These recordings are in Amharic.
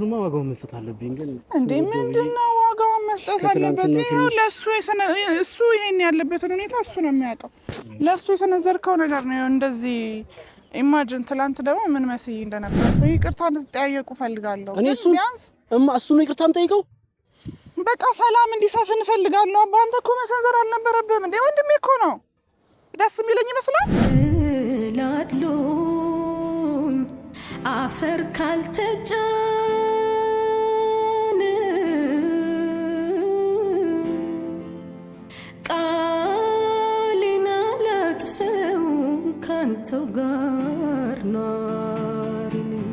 እሱማ ዋጋውን መስጠት አለብኝ። ግን እንዴ ምንድን ነው ዋጋውን መስጠት አለበት? ይኸው ለእሱ እሱ ይሄን ያለበትን ሁኔታ እሱ ነው የሚያውቀው። ለእሱ የሰነዘርከው ነገር ነው እንደዚህ ኢማጅን ትላንት ደግሞ ምን መስዬ እንደነበር ይቅርታ እንድትጠያየቁ ፈልጋለሁ። ነው ይቅርታ የምጠይቀው በቃ ሰላም እንዲሰፍን እፈልጋለሁ። አባ አንተ እኮ መሰንዘር አልነበረብህም እንዴ! ወንድሜ እኮ ነው። ደስ የሚለኝ ይመስላል ላሉኝ አፈር ካልተጫ ቃሌን አላጥፈው ካንተው ጋር ኗሪ ነኝ።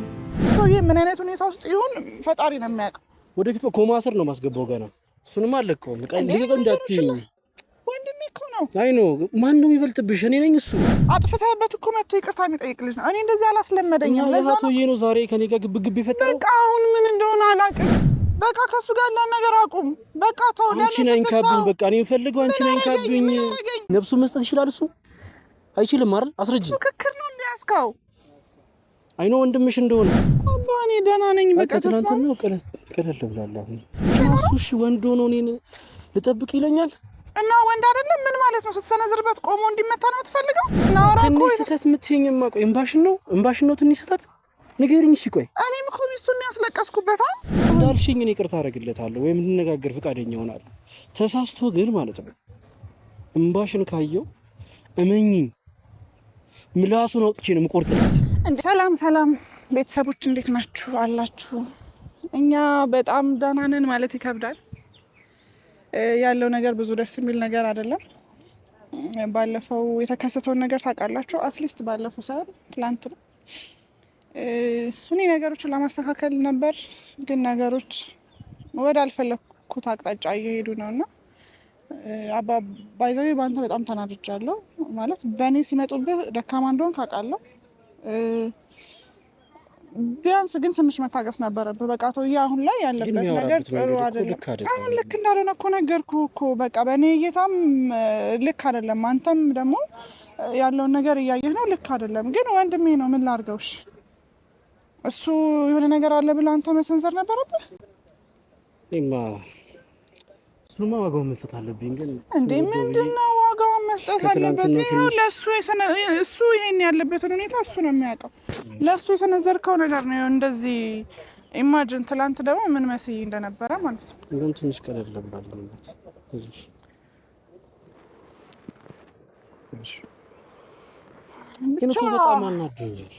ምን አይነት ሁኔታ ውስጥ ይሆን ፈጣሪ ነው የሚያውቀው። ወደፊት ኮማ ስር ነው ማስገባው ገና እሱንም አለቀውም። ወንድሜ እኮ አይ ኖ ማን ነው የሚበልጥብሽ? እኔ ነኝ። እሱ አጥፍተህበት እኮ መጥቶ ይቅርታ የሚጠይቅ ልጅ ነው። እኔ እንደዚህ አላስለመደኝም። ለዛ ነው ዛሬ ከኔ ጋር ግብግብ ይፈጠረው። በቃ አሁን ምን እንደሆነ አላውቅም። በቃ ከሱ ጋር ያለን ነገር አቁም። በቃ ተው። አንቺን አይንካብኝ። በቃ እኔ የምፈልገው አንቺን አይንካብኝ። ነብሱ መስጠት ይችላል እሱ አይችልም አይደል? አስረጅ ምክክር ነው እንዲያስካው አይኖ ወንድምሽ እንደሆነ አባኔ እኔ ደህና ነኝ። በቃ ተስማማ ነው ቀለል ቀለል ብላለሁ። እሱ እሺ ወንድ ሆኖ እኔን ልጠብቅ ይለኛል እና ወንድ አይደለም ምን ማለት ነው? ስትሰነዝርበት ቆሞ እንዲመታ ነው የምትፈልገው? ናራ ቆይ ስህተት የምትይኝማ ቆይ እምባሽን ነው እምባሽን ነው ትንሽ ስህተት ንገሪኝ። እሺ ቆይ እኔም እኮ ሚስቱን ያስለቀስኩበት እንዳልሽኝ እኔ ይቅርታ አደርግለታለሁ ወይም እንነጋገር ፈቃደኛ እሆናለሁ። ተሳስቶ ግን ማለት ነው እምባሽን ካየው እመኝኝ ምላሱን አውጥቼ ነው የምቆርጥለት። ሰላም ሰላም ቤተሰቦች እንዴት ናችሁ? አላችሁ? እኛ በጣም ደህና ነን ማለት ይከብዳል። ያለው ነገር ብዙ ደስ የሚል ነገር አይደለም። ባለፈው የተከሰተውን ነገር ታውቃላችሁ። አትሊስት ባለፈው ሳይሆን ትላንት ነው እኔ ነገሮችን ለማስተካከል ነበር፣ ግን ነገሮች ወደ አልፈለግኩት አቅጣጫ እየሄዱ ነው እና ባይዘዊ በአንተ በጣም ተናድጃለሁ። ማለት በእኔ ሲመጡብህ ደካማ እንደሆን ካውቃለሁ። ቢያንስ ግን ትንሽ መታገስ ነበረብህ። በቃ ተውዬ አሁን ላይ ያለበት ነገር ጥሩ አይደለም። አሁን ልክ እንዳልሆነ እኮ ነገርኩ እኮ በቃ በእኔ እይታም ልክ አይደለም። አንተም ደግሞ ያለውን ነገር እያየህ ነው፣ ልክ አይደለም። ግን ወንድሜ ነው ምን ላድርገውሽ? እሱ የሆነ ነገር አለ ብለህ አንተ መሰንዘር ነበረብህ። እኔማ እሱማ ዋጋውን መስጠት አለብኝ። ግን እንዴ ምንድን ነው ዋጋውን መስጠት አለበት? እሱ ይሄን ያለበትን ሁኔታ እሱ ነው የሚያውቀው። ለእሱ የሰነዘርከው ነገር ነው እንደዚህ። ኢማጅን ትላንት ደግሞ ምን መስዬ እንደነበረ ማለት ነው። እንደውም ትንሽ ቀለል ብሏል። ግን እኮ በጣም አናዶኛል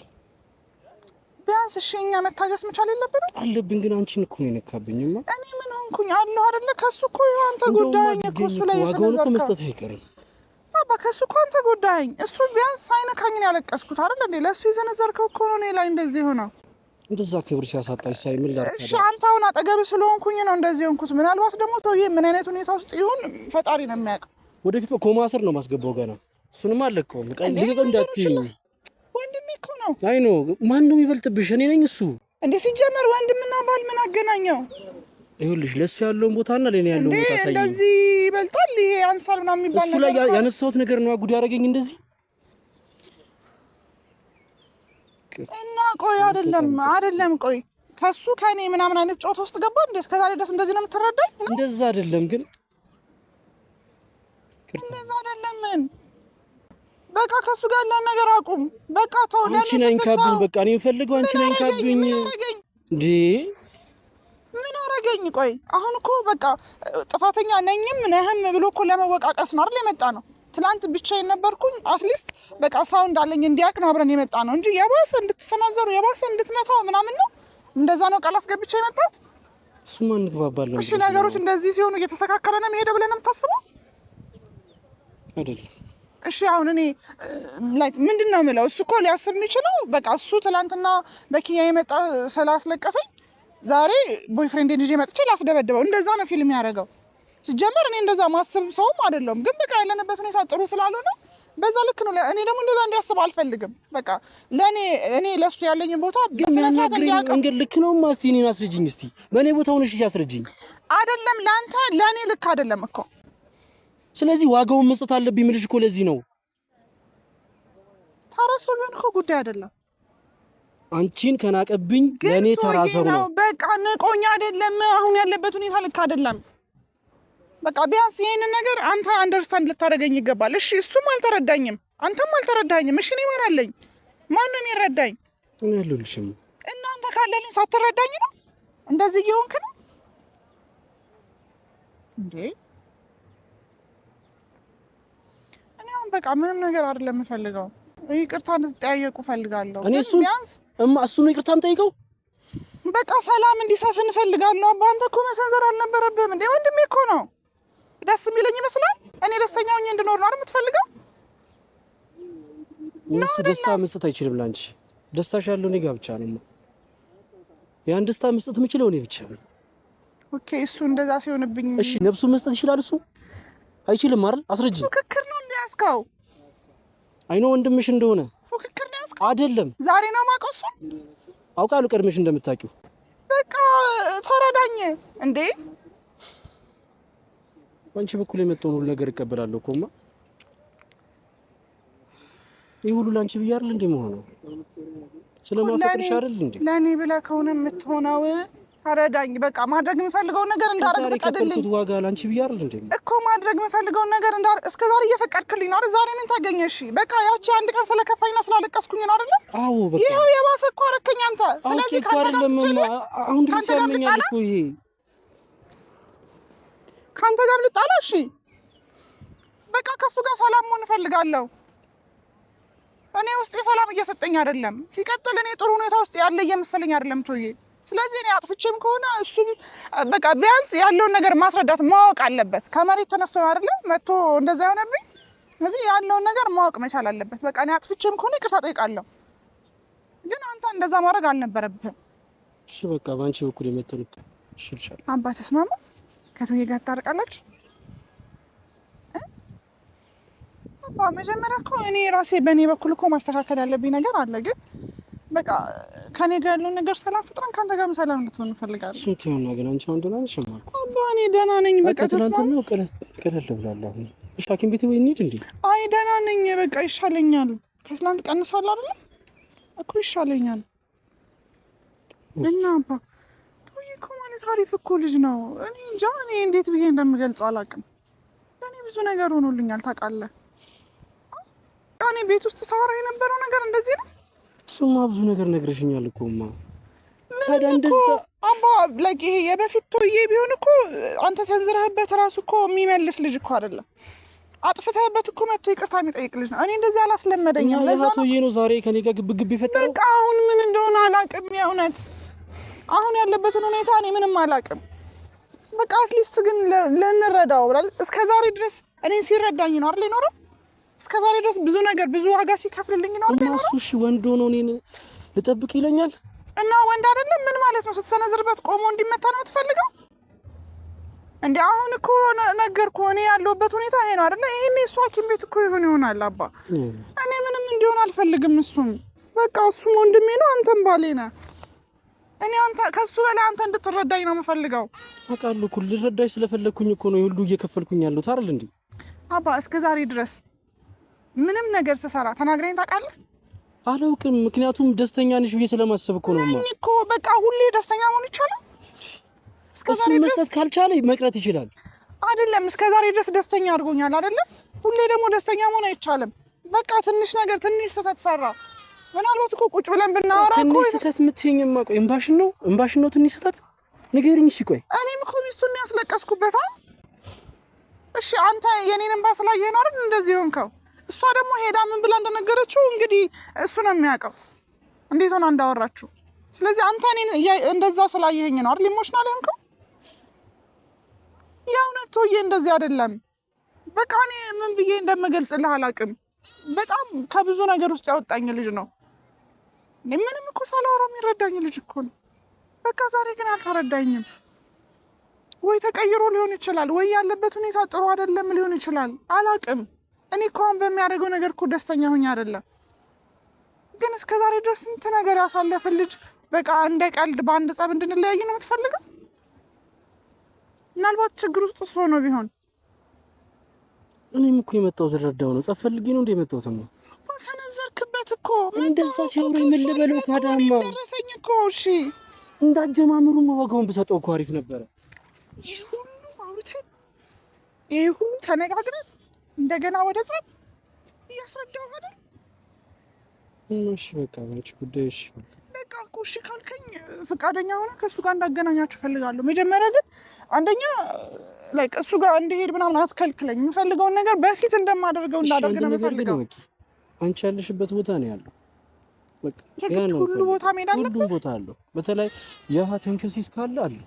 ቢያንስ እሺ እኛ መታገስ መቻል የለብንም አለብን። ግን አንቺን እኮ ነው የነካብኝማ። እኔ ምን ሆንኩኝ አለሁ አይደለ? ከሱ እኮ አንተ ጎዳኸኝ እኮ እሱ ላይ የሰነዘርከው መስጠት አይቀርም አባ። ከሱ እኮ አንተ ጎዳኸኝ። እሱ ቢያንስ ሳይነካኝ ነው ያለቀስኩት አይደል እንዴ? ለእሱ የዘነዘርከው እኮ ነው እኔ ላይ እንደዚህ የሆነው። እንደዛ ክብር ሲያሳጣኝ ሳይ ምን ላድርግ? እሺ አንተ አሁን አጠገብ ስለሆንኩኝ ነው እንደዚህ ሆንኩት። ምናልባት ደግሞ ተውዬ ምን አይነት ሁኔታ ውስጥ ይሁን ፈጣሪ ነው የሚያውቅ። ወደፊት ኮማ ስር ነው ማስገባው ገና እሱንም አለቀውም ቃ እንዳትዪኝ ወንድሜ እኮ ነው። አይ ኖ ማን ነው የሚበልጥብሽ? እኔ ነኝ እሱ። እንዴ ሲጀመር ወንድምና ባል ምን አገናኘው? ይኸውልሽ ለእሱ ያለውን ቦታና ለእኔ ያለውን ቦታ ሳይ እንደዚህ ይበልጣል፣ ይሄ አንሳል ምናምን የሚባል እሱ ላይ ያነሳሁት ነገር ነው ጉድ ያደረገኝ እንደዚህ እና ቆይ አይደለም አይደለም፣ ቆይ ከሱ ከእኔ ምናምን አይነት ጨዋታ ውስጥ ገባ እንዴ? እስከዛሬ ድረስ እንደዚህ ነው የምትረዳኝ? እንደዛ አይደለም ግን እንደዛ አይደለም ምን በቃ ከሱ ጋር ያለን ነገር አቁም። በቃ ተው። አንቺ አንቺን አይንካብኝ። በቃ እኔ የምፈልገው አንቺን አይንካብኝ። ዲ ምን አረገኝ? ቆይ አሁን እኮ በቃ ጥፋተኛ ነኝም ነህም ብሎ እኮ ለመወቃቀስ ነው አይደል የመጣ ነው። ትናንት ብቻ የነበርኩኝ አትሊስት በቃ ሰው እንዳለኝ እንዲያውቅ ነው አብረን የመጣ ነው እንጂ የባሰ እንድትሰናዘሩ የባሰ እንድትመታው ምናምን ነው። እንደዛ ነው ቃል አስገብቼ የመጣሁት። እሱማ እንግባባለን። እሺ ነገሮች እንደዚህ ሲሆኑ እየተስተካከለ ነው የምሄደው ብለን የምታስበው አይደለም እሺ አሁን እኔ ላይክ ምንድን ነው የምለው፣ እሱ እኮ ሊያስብ የሚችለው በቃ እሱ ትላንትና በኪያ የመጣ ስላስለቀሰኝ ዛሬ ቦይፍሬንዴን ይዤ መጥቼ ላስደበድበው፣ እንደዛ ነው ፊልም ያደረገው። ሲጀመር እኔ እንደዛ ማስብ ሰውም አይደለሁም፣ ግን በቃ ያለንበት ሁኔታ ጥሩ ስላልሆነ በዛ ልክ ነው። እኔ ደግሞ እንደዛ እንዲያስብ አልፈልግም። በቃ ለእኔ እኔ ለእሱ ያለኝን ቦታ መንገድ ልክ ነው ማስቲ እኔን አስረጅኝ እስቲ፣ በእኔ ቦታ ሆነሽ አስረጅኝ። አይደለም ለአንተ ለእኔ ልክ አይደለም እኮ ስለዚህ ዋጋውን መስጠት አለብኝ። ምልሽ እኮ ለዚህ ነው ተራ ሰው ቢሆን እኮ ጉዳይ አይደለም። አንቺን ከናቀብኝ ለእኔ ተራ ሰው ነው። በቃ ንቆኛ አይደለም። አሁን ያለበት ሁኔታ ልክ አይደለም። በቃ ቢያንስ ይህንን ነገር አንተ አንደርስታንድ ልታደርገኝ ይገባል። እሺ፣ እሱም አልተረዳኝም፣ አንተም አልተረዳኝም። እሺ፣ እኔ ማናለኝ? ማንም ይረዳኝ ያሉልሽም እናንተ ካለልኝ ሳትረዳኝ ነው እንደዚህ እየሆንክ ነው እንዴ? በቃ ምንም ነገር አይደለም የምፈልገው። ይቅርታ እንድትጠያየቁ ፈልጋለሁ። እኔ እሱን እሱን ይቅርታ ምጠይቀው በቃ ሰላም እንዲሰፍን እፈልጋለሁ። አባ አንተ እኮ መሰንዘር አልነበረብህም እንዴ! ወንድሜ እኮ ነው። ደስ የሚለኝ ይመስላል። እኔ ደስተኛ ሆኜ እንድኖር ነው የምትፈልገው። እሱ ደስታ መስጠት አይችልም ላንቺ። ደስታሽ ያለው እኔ ጋር ብቻ ነው። ያን ደስታ መስጠት የምችለው እኔ ብቻ ነው። ኦኬ። እሱ እንደዛ ሲሆንብኝ እሺ፣ ነብሱ መስጠት ይችላል። እሱ አይችልም አይደል? አስረጅ ምክክር ነው እንዲያስከው አይኖ ወንድምሽ እንደሆነ ፉክክር ነው ያስቀ አይደለም። ዛሬ ነው ማቀሱ እሱን። አውቃለሁ ቀድመሽ እንደምታውቂው። በቃ ተረዳኝ እንዴ። አንቺ በኩል የመጣውን ሁሉ ነገር እቀበላለሁ እኮ እማ። ይህ ሁሉ ለአንቺ ብዬሽ አይደል እንዴ መሆነው ስለማፈቅርሽ አይደል እንዴ ለእኔ ብለህ ከሆነ የምትሆነው አረዳኝ በቃ ማድረግ የምፈልገውን ነገር እንዳረግ ፍቀድልኝ። ዋጋ ላንቺ ብዬ አይደል እንዴ እኮ ማድረግ የምፈልገውን ነገር እንዳረግ እስከ ዛሬ እየፈቀድክልኝ ነው አይደል? ዛሬ ምን ታገኘሽ? በቃ ያቺ አንድ ቀን ስለከፋኝና ስላለቀስኩኝ ነው አይደል? አዎ በቃ ይሄው የባሰ እኮ አረከኝ አንተ። ስለዚህ ካንተ ጋር አሁን ድረስ ያመኛል እኮ ይሄ ካንተ ጋር ልጣላ። እሺ በቃ ከሱ ጋር ሰላም መሆን እፈልጋለሁ። እኔ ውስጤ ሰላም እየሰጠኝ አይደለም። ሲቀጥል እኔ ጥሩ ሁኔታ ውስጥ ያለ እየመሰለኝ አይደለም ቶዬ ስለዚህ እኔ አጥፍቼም ከሆነ እሱም በቃ ቢያንስ ያለውን ነገር ማስረዳት ማወቅ አለበት። ከመሬት ተነስቶ አይደለ መጥቶ እንደዛ የሆነብኝ። ስለዚህ ያለውን ነገር ማወቅ መቻል አለበት። በቃ እኔ አጥፍቼም ከሆነ ይቅርታ ጠይቃለሁ፣ ግን አንተ እንደዛ ማድረግ አልነበረብህም። እሺ በቃ በአንቺ በኩል የመተን ሽልሻል አባ ተስማማ ከቶዬ ጋር ታርቃላችሁ። አባ መጀመሪያ እኮ እኔ ራሴ በእኔ በኩል እኮ ማስተካከል ያለብኝ ነገር አለ ግን በቃ ከኔ ጋር ያለውን ነገር ሰላም ፍጥረን ከአንተ ጋር ሰላም እንድትሆን እንፈልጋለን። እሱ ትሆን ነገር አንቺ አሁን ደህና ነሽ? አባ እኔ ደህና ነኝ። በቃ ተስማማን። ቀለል ብላለሁ። እሺ ሐኪም ቤት ወይ እንሂድ እንዴ? አይ ደህና ነኝ። በቃ ይሻለኛል። ከትላንት ቀንሷል አይደለ እኮ ይሻለኛል። እና አባ ተወዬ ማለት አሪፍ እኮ ልጅ ነው። እኔ እንጃ እኔ እንዴት ብዬ እንደምገልጸው አላውቅም። ለእኔ ብዙ ነገር ሆኖልኛል ታውቃለህ። እኔ ቤት ውስጥ ሰራ የነበረው ነገር እንደዚህ ነው እሱማ ብዙ ነገር ነግረሽኛል እኮ ማ ታዲያ ላይክ ይሄ የበፊት ቶዬ ቢሆን እኮ አንተ ሰንዝረህበት ራሱ እኮ የሚመልስ ልጅ እኮ አይደለም። አጥፍተህበት እኮ መጥቶ ይቅርታ የሚጠይቅ ልጅ ነው። እኔ እንደዚህ አላስለመደኝም። ለዛ ቶዬ ነው ዛሬ ከኔ ጋር ግብግብ የፈጠረው። በቃ አሁን ምን እንደሆነ አላቅም። የእውነት አሁን ያለበትን ሁኔታ እኔ ምንም አላቅም። በቃ አትሊስት ግን ልንረዳው ብላል። እስከ ዛሬ ድረስ እኔን ሲረዳኝ ነው አይደል የኖረው እስከ ዛሬ ድረስ ብዙ ነገር ብዙ ዋጋ ሲከፍልልኝ ነው። እሺ ወንድ ሆኖ እኔን ልጠብቅ ይለኛል እና ወንድ አይደለም ምን ማለት ነው? ስትሰነዝርበት ቆሞ እንዲመታ ነው የምትፈልገው? እንዲ አሁን እኮ ነገር ከሆነ ያለሁበት ሁኔታ ይሄ ነው አይደለ? ይሄን እሱ ሐኪም ቤት እኮ ይሆን ይሆናል። አባ እኔ ምንም እንዲሆን አልፈልግም። እሱም በቃ እሱም ወንድሜ ነው፣ አንተም ባሌ ነህ። እኔ አንተ ከሱ በላይ አንተ እንድትረዳኝ ነው የምፈልገው። አውቃለሁ እኮ ልረዳሽ ስለፈለግኩኝ እኮ ነው ይሁሉ እየከፈልኩኝ ያለሁት አይደል እንዴ አባ እስከ ዛሬ ድረስ ምንም ነገር ስሰራ ተናግረኝ ታውቃለህ? አላውቅም። ምክንያቱም ደስተኛ ነሽ ብዬ ስለማሰብ እኮ ነው እኮ። በቃ ሁሌ ደስተኛ መሆን ይቻላል? እሱን መስጠት ካልቻለ መቅረት ይችላል አይደለም? እስከ ዛሬ ድረስ ደስተኛ አድርጎኛል አይደለም? ሁሌ ደግሞ ደስተኛ መሆን አይቻልም። በቃ ትንሽ ነገር ትንሽ ስህተት ሰራ። ምናልባት እኮ ቁጭ ብለን ብናወራ ትንሽ ስህተት የምትይኝማ፣ ቆይ እምባሽን ነው እምባሽን ነው ትንሽ ስህተት ንገሪኝ። እሺ ቆይ እኔም እኮ ሚስቱን ያስለቀስኩበታ። እሺ አንተ የኔን እምባ ስላየህ ነው እንደዚህ ሆንከው? እሷ ደግሞ ሄዳ ምን ብላ እንደነገረችው እንግዲህ እሱ ነው የሚያውቀው እንዴት ሆና እንዳወራችው። ስለዚህ አንተ እኔን እንደዛ ስላየኸኝ ነው አይደል ኢሞሽናል ሆንከው? የእውነት ቶዬ እንደዚህ አይደለም። በቃ እኔ ምን ብዬ እንደምገልጽልህ አላውቅም። በጣም ከብዙ ነገር ውስጥ ያወጣኝ ልጅ ነው። ምንም እኮ ሳላወራው የሚረዳኝ ልጅ እኮ ነው። በቃ ዛሬ ግን አልተረዳኝም። ወይ ተቀይሮ ሊሆን ይችላል፣ ወይ ያለበት ሁኔታ ጥሩ አይደለም ሊሆን ይችላል። አላውቅም። እኔ እኮ አሁን በሚያደርገው ነገር እኮ ደስተኛ ሁኝ አይደለም፣ ግን እስከ ዛሬ ድረስ ስንት ነገር ያሳለፈ ልጅ በቃ እንደ ቀልድ በአንድ ጸብ እንድንለያይ ነው የምትፈልገው? ምናልባት ችግር ውስጥ እሱ ሆኖ ቢሆን እኔም እኮ የመጣሁት ልረዳው ነው። ጸብ ፈልጌ ነው እንደ የመጣሁት ነው። ሰነዘርክበት እኮ እንደዛ ሲያወራ የምልበለው ካዳማ ደረሰኝ እኮ እሺ እንዳጀማምሩ ዋጋውን ብሰጠው እኮ አሪፍ ነበረ። ይህ ሁሉ አውርተን ይህ ሁሉ ተነጋግረን እንደገና ወደ ጸብ እያስረዳው አይደል? እሺ በቃ ባንቺ ጉዳይ እሺ በቃ እኮ እሺ ካልከኝ ፈቃደኛ ሆነ ከእሱ ጋር እንዳገናኛችሁ እፈልጋለሁ። መጀመሪያ ግን አንደኛ ላይ እሱ ጋር እንደሄድ ምናምን አትከልክለኝ። የምፈልገውን ነገር በፊት እንደማደርገው እንዳደርግ ነው የምፈልገው። አንቺ ያለሽበት ቦታ ነው ያለው ሁሉ ቦታ ሜዳ ሁሉም ቦታ አለው። በተለይ የሀ ተንከሲስ ካለ አለ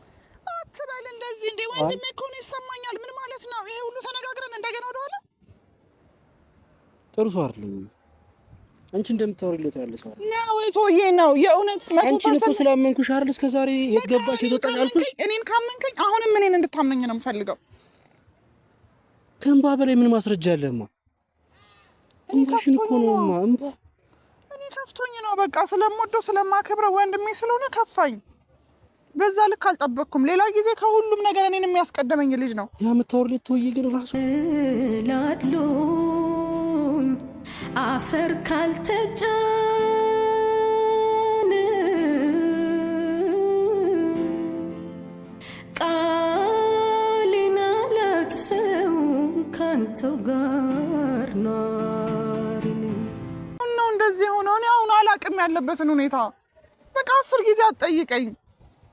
አትበል እንደዚህ እንደ ወንድሜ ከሆነ ይሰማል ጥሩ ሰው አይደለም። አንቺ እንደምታወሪለት ያለ ሰው ነው ነው? የእውነት ስላመንኩሽ አይደል እስከ ዛሬ አልኩሽ። እኔን ካመንከኝ አሁንም እኔን እንድታመኝ ነው የምፈልገው። ከእንባ በላይ ምን ማስረጃ አለማ? እንባሽን እኮ ነውማ እንባ። እኔ ከፍቶኝ ነው በቃ ስለምወደው ስለማከብረው ወንድሜ ስለሆነ ከፋኝ። በዛ ልክ አልጠበቅኩም። ሌላ ጊዜ ከሁሉም ነገር እኔን የሚያስቀደመኝ ልጅ ነው። ያ የምታወሪለት ግን ራሱ ላድሎ አፈር ካልተጫን ቃሌና ላጥፈው ካንተው ጋር ኗሪን ነው እንደዚህ የሆነው። እኔ አሁን አላቅም ያለበትን ሁኔታ በቃ አስር ጊዜ አትጠይቀኝ።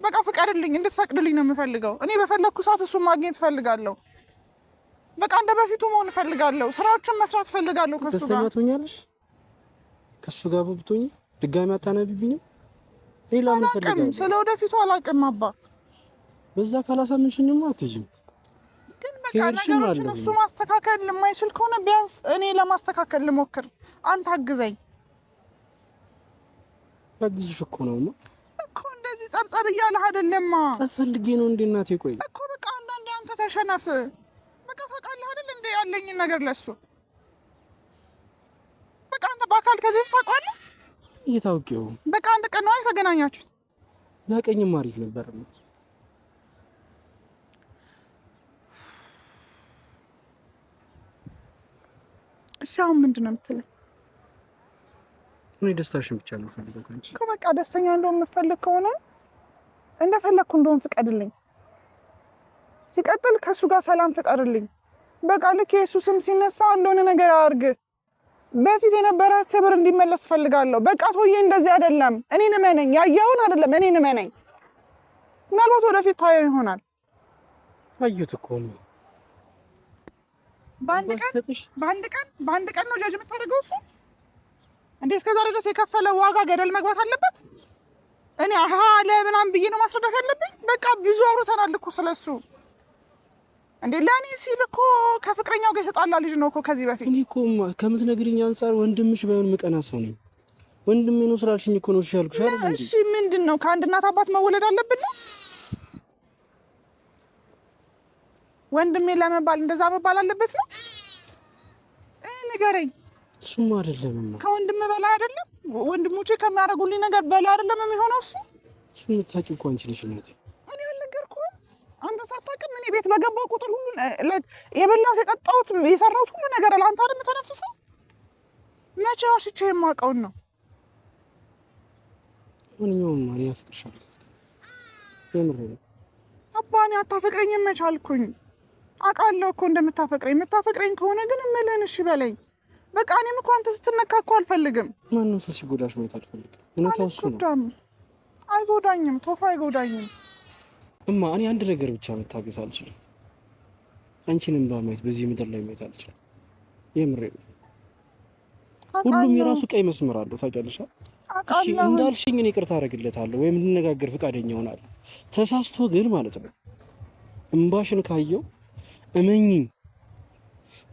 በቃ ፍቀድልኝ፣ እንድትፈቅድልኝ ነው የምፈልገው። እኔ በፈለግኩ ሰዓት እሱን ማግኘት እፈልጋለሁ። በቃ እንደ በፊቱ መሆን እፈልጋለሁ። ስራዎችን መስራት እፈልጋለሁ። ከሱ ጋር ደስተኛ ትሆኛለሽ። ከሱ ጋር ብትሆኚ ድጋሚ አታነቢብኝም። ሌላ ምን ፈልጋለሁ? ስለ ወደፊቱ አላውቅም። አባ በዛ ካላሳምንሽኝማ አትሄጂም። ግን በቃ ነገሮችን እሱ ማስተካከል የማይችል ከሆነ ቢያንስ እኔ ለማስተካከል ልሞክር። አንተ አግዘኝ። ያግዝሽ እኮ ነውማ እኮ እንደዚህ ጸብጸብ እያለህ አይደለማ። ጸብ ፈልጌ ነው እንዴ? እናቴ። ቆይ እኮ በቃ አንዳንዴ አንተ ተሸነፍ እንደ ያለኝን ነገር ለሱ በቃ አንተ በአካል ከዚህ በፊት ታውቀዋለህ? እየታወቂው በቃ አንድ ቀን ነው የተገናኛችሁት። ያቀኝም አሪፍ ነበር። እሺ አሁን ምንድን ነው የምትለኝ? እኔ ደስታሽን ብቻ ነው ፈልገው ከንቺ በቃ ደስተኛ እንደሆን የምፈልግ ከሆነ እንደፈለግኩ እንደሆን ፍቀድልኝ። ሲቀጥል ከእሱ ጋር ሰላም ፍጠርልኝ። በቃ ልክ የሱስም ሲነሳ እንደሆነ ነገር አድርግ። በፊት የነበረ ክብር እንዲመለስ ፈልጋለሁ። በቃ ቶዬ እንደዚህ አይደለም። እኔ ንመነኝ፣ ያየውን አይደለም እኔ ንመነኝ። ምናልባት ወደፊት ታየ ይሆናል። አየሁት እኮ ነው። በአንድ ቀን በአንድ ቀን በአንድ ቀን ነው ጃጅ የምታደርገው እሱ። እንዴ እስከዛሬ ድረስ የከፈለ ዋጋ ገደል መግባት አለበት። እኔ አሃ ለምናምን ብዬ ነው ማስረዳት ያለብኝ። በቃ ብዙ አውርተናል እኮ ስለሱ እንዴ ለእኔ ሲል እኮ ከፍቅረኛው ጋር የተጣላ ልጅ ነው እኮ ከዚህ በፊት። እኔ እኮ ከምትነግሪኝ አንጻር ወንድምሽ ባይሆን ምቀና ሰው ነው ወንድም ነው ስላልሽኝ እኮ ነው እሺ ያልኩሽ አይደል እሺ ምንድን ነው ከአንድ እናት አባት መወለድ አለብን ነው? ወንድሜ ለመባል እንደዛ መባል አለበት ነው? ንገረኝ። እሱማ አይደለም ከወንድም በላይ አይደለም። ወንድሞቼ ከሚያደርጉልኝ ነገር በላይ አይደለም የሚሆነው እሱ። እሱ የምታውቂው እኮ አንቺ ነሽ እናቴ ቤት በገባው ቁጥር ሁሉ የበላሁት የጠጣሁት የሰራሁት ሁሉ ነገር ለአንተ አይደል የምተነፍሰው? መቼ ዋሽቼ የማውቀውን ነው? ምንኛውም ማን ያፍቅርሻል? አባ አታፈቅረኝ የመቻልኩኝ አውቃለሁ እኮ እንደምታፈቅረኝ። የምታፈቅረኝ ከሆነ ግን እምልህን እሺ በለኝ። በቃ እኔም እኮ አንተ ስትነካ እኮ አልፈልግም። ማንም ሰው ሲጎዳሽ ማየት አልፈልግም። እውነታው እሱ ነው። አይጎዳኝም፣ ቶፋ አይጎዳኝም። እማ እኔ አንድ ነገር ብቻ መታገስ አልችልም። አንቺንም በማየት በዚህ ምድር ላይ ማየት አልችልም። የምሬ ነው። ሁሉም የራሱ ቀይ መስመር አለው ታውቂያለሽ። እሺ እንዳልሽኝ እኔ ይቅርታ አደርግለታለሁ ወይም እንነጋገር ፈቃደኛ ሆናለሁ። ተሳስቶ ግን ማለት ነው እምባሽን ካየው እመኝ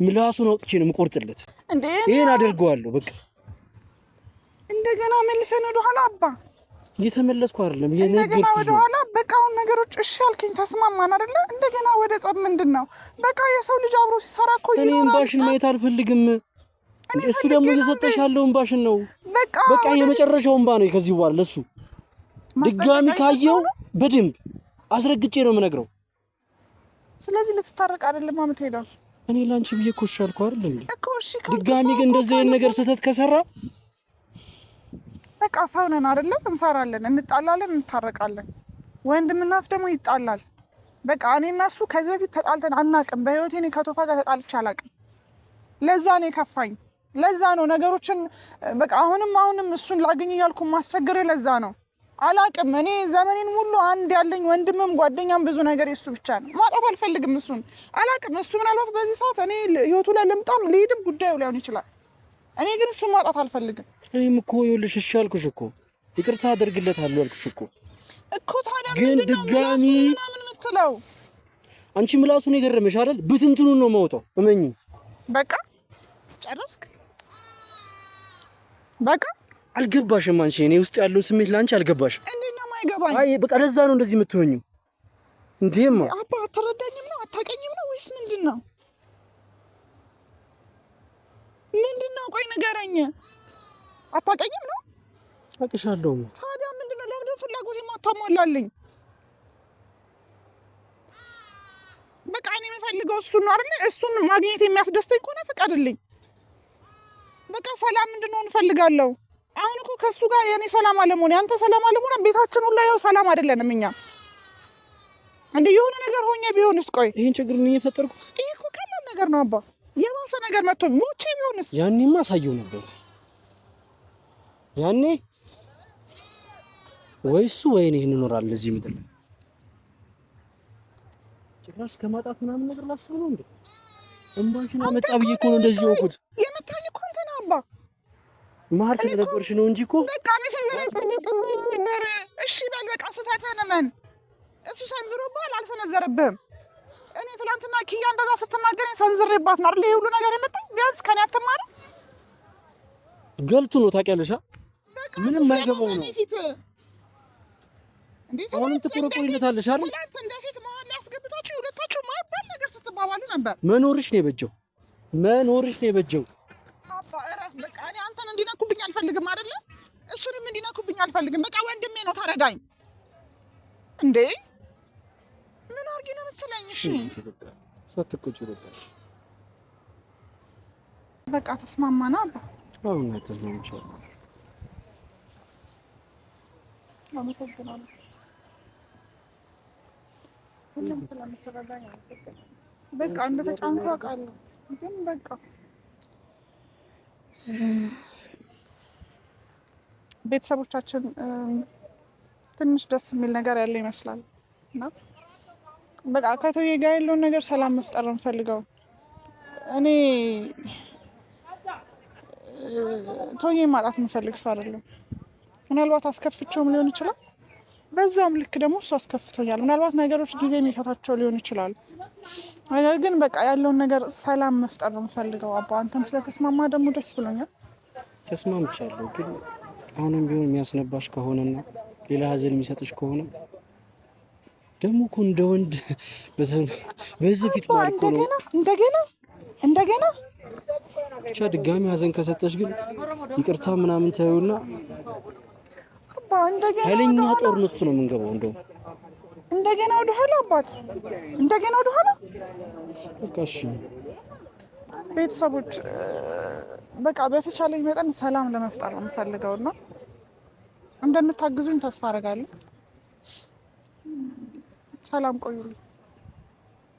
ምላሱን አውጥቼ ነው የምቆርጥለት። ይሄን አደርገዋለሁ በቃ። እንደገና መልሰን ወደኋላ አባ እየተመለስኩ አይደለም የነገርኩሽ በቃ አሁን ነገሮች እሺ አልከኝ፣ ተስማማን አይደለ? እንደገና ወደ ጸብ ምንድን ነው? በቃ የሰው ልጅ አብሮ ሲሰራ እኮ ይኖራል። እኔ እምባሽን ማየት አልፈልግም። እሱ ደግሞ እየሰጠሽ ያለው እምባሽን ነው። በቃ በቃ የመጨረሻው እምባ ነው ከዚህ በኋላ ለሱ ድጋሚ ካየው በደንብ አስረግጬ ነው የምነግረው። ስለዚህ ልትታረቅ አይደለም አመት ሄዳል። እኔ ላንቺ ብዬ እኮ እሺ አይደል? እኮ እሺ ካልኩ ድጋሚ ግን እንደዚህ አይነት ነገር ስህተት ከሰራ በቃ ሰው ነን አይደለም፣ እንሰራለን፣ እንጣላለን፣ እንታረቃለን። ወንድምና እህት ደግሞ ይጣላል። በቃ እኔ እና እሱ ከዚህ በፊት ተጣልተን አናቅም። በህይወቴ እኔ ከቶፋ ጋር ተጣልቼ አላቅም። ለዛ ነው የከፋኝ። ለዛ ነው ነገሮችን በቃ አሁንም አሁንም እሱን ላገኝ እያልኩ ማስቸግር። ለዛ ነው አላቅም። እኔ ዘመኔን ሙሉ አንድ ያለኝ ወንድምም ጓደኛም ብዙ ነገር የሱ ብቻ ነው። ማጣት አልፈልግም። እሱን አላቅም። እሱ ምናልባት በዚህ ሰዓት እኔ ህይወቱ ላይ ልምጣም ልሄድም ጉዳዩ ሊሆን ይችላል። እኔ ግን እሱን ማጣት አልፈልግም። እኔም እኮ ይኸውልሽ፣ እሺ አልኩሽ እኮ ይቅርታ አደርግለታለሁ አልኩሽ እኮ ግን ድጋሚ አንቺ ምላሱን የገረመሽ አይደል? ብትንትኑን ነው የማወጣው። እመኝ። በቃ ጨረስክ? በቃ አልገባሽም። አንቺ እኔ ውስጥ ያለው ስሜት ለአንቺ አልገባሽም። እንዴት ነው የማይገባኝ? አይ በቃ ለዛ ነው እንደዚህ የምትሆኝው። እንዴማ አባ አትረዳኝም ነው አታቀኝም ነው ወይስ ምንድን ነው? ምንድን ነው? ቆይ ንገረኝ። አታውቀኝም ነው? አውቅሻለሁ አታሟላልኝ። በቃ እኔ የምፈልገው እሱን ነው አይደለ? እሱን ማግኘት የሚያስደስተኝ ከሆነ ፍቀድልኝ። በቃ ሰላም እንድንሆን እፈልጋለሁ። አሁን እኮ ከእሱ ጋር የእኔ ሰላም አለመሆን ያንተ ሰላም አለመሆን ቤታችን ሁላ ያው ሰላም አይደለንም እኛ። እንደ የሆነ ነገር ሆኜ ቢሆንስ? ቆይ ይህን ችግር ነው የፈጠርኩት? ይህ እኮ ቀላል ነገር ነው አባ። የባሰ ነገር መጥቶ ሞቼ ቢሆንስ? ያኔማ አሳየው ነበር ያኔ ወይ እሱ ወይ እኔ እንኖራለን እዚህ ምድር ላይ ጭራሽ እስከ ምናምን ነገር ላስብ ነው እንዴ? እንባሽን አመጣ ብዬ እኮ ነው እንደዚህ የሆንኩት። የምታኝ እኮ እንትን አባ መሀል ስለነበርሽ ነው እንጂ እኮ በቃ መሰንዘር እሺ፣ በቃ ስህተትህን እመን። እሱ ሰንዝሮብሃል፣ አልሰነዘረብህም። እኔ ትላንትና ኪያ እንደዛ ስትናገረኝ ሰንዝሬባት ነው አይደል? ይሄ ሁሉ ነገር የመጣው ቢያንስ ከኔ አትማር ገልቱ ነው ታውቂያለሽ። ምንም አይገባው ነው አሁንም ትኮረኮሪነት አለሽ አይደል? ትናንት እንደ ሴት መሀል ላይ አስገብታችሁ ሁለታችሁ ማባል ነገር ስትባባሉ ነበር። መኖርሽ ነው የበጀው፣ መኖርሽ ነው የበጀው። በቃ እኔ አንተን እንዲነኩብኝ አልፈልግም አይደለ? እሱንም እንዲነኩብኝ አልፈልግም። በቃ ወንድሜ ነው ተረዳኝ። እንዴ ምን አድርጊ ነው የምትለኝ? እሺ ሳትቆጪ ወጣሽ። በቃ ተስማማና አባ አሁን ነው ተስማምቻለሁ። አመሰግናለሁ። ሁሉም ስለምትረዳኝ በቃ እንደተጫንኩ አውቃለሁ፣ ግን በቃ ቤተሰቦቻችን ትንሽ ደስ የሚል ነገር ያለው ይመስላል እና በቃ ከቶዬ ጋር ያለውን ነገር ሰላም መፍጠር እንፈልገው። እኔ ቶዬ ማጣት የምፈልግ ሰው አይደለም። ምናልባት አስከፍቼውም ሊሆን ይችላል በዛውም ልክ ደግሞ እሱ አስከፍቶኛል። ምናልባት ነገሮች ጊዜ የሚፈታቸው ሊሆን ይችላል። ነገር ግን በቃ ያለውን ነገር ሰላም መፍጠር ነው የምፈልገው። አባ አንተም ስለተስማማ ደግሞ ደስ ብሎኛል። ተስማምቻለሁ። ግን አሁንም ቢሆን የሚያስነባሽ ከሆነና ሌላ ሀዘን የሚሰጥሽ ከሆነ ደግሞ እኮ እንደ ወንድ በዚህ ፊት እንደገና እንደገና እንደገና ብቻ ድጋሚ ሀዘን ከሰጠች ግን ይቅርታ ምናምን ታዩና ኃይለኛ ጦርነት ነው የምንገባው። እንደውም እንደገና ወደ ኋላ አባት እንደገና ወደ ኋላ በቃ እሺ ቤተሰቦች በቃ በተቻለኝ መጠን ሰላም ለመፍጠር ነው የምፈልገው እና እንደምታግዙኝ ተስፋ አደርጋለሁ። ሰላም ቆዩልኝ።